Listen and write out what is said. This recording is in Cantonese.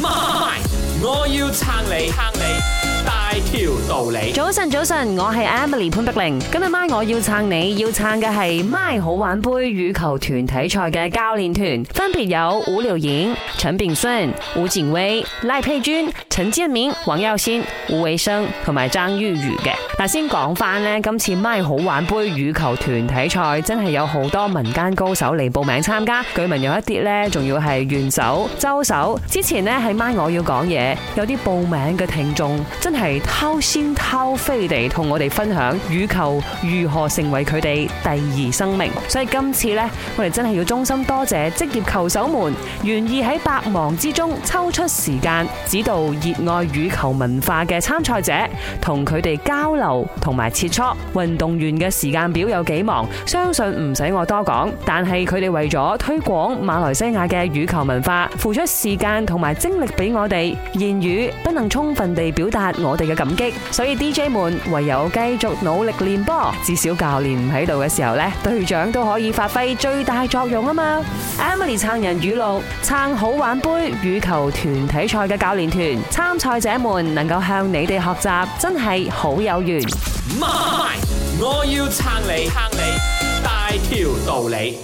MY，我要撐你撐你大條道理。早晨早晨，我係 Emily 潘德玲。今日 MY 我要撐你要撐嘅係 MY 好玩杯羽球團體賽嘅教練團，分別有胡劉演、陳變孫、胡前威、賴佩君。陳志冕、黃幼先、胡偉生同埋張于如嘅，嗱先講翻呢。今次 MY 好玩杯羽球團體賽真係有好多民間高手嚟報名參加，據聞有一啲呢，仲要係元首、州手。之前呢，喺 MY 我要講嘢，有啲報名嘅聽眾真係掏心掏肺地同我哋分享羽球如何成為佢哋第二生命，所以今次呢，我哋真係要衷心多謝職業球手們願意喺百忙之中抽出時間指導熱愛羽球文化嘅參賽者，同佢哋交流同埋切磋。運動員嘅時間表有幾忙，相信唔使我多講。但係佢哋為咗推廣馬來西亞嘅羽球文化，付出時間同埋精力俾我哋，言語不能充分地表達我哋嘅感激。所以 DJ 們唯有繼續努力練波，至少教練唔喺度嘅時候呢，隊長都可以發揮最大作用啊嘛。Emily 撐人語錄撐好玩杯羽球團體賽嘅教練團。參賽者們能夠向你哋學習，真係好有緣。我要撐你，撐你大條道理。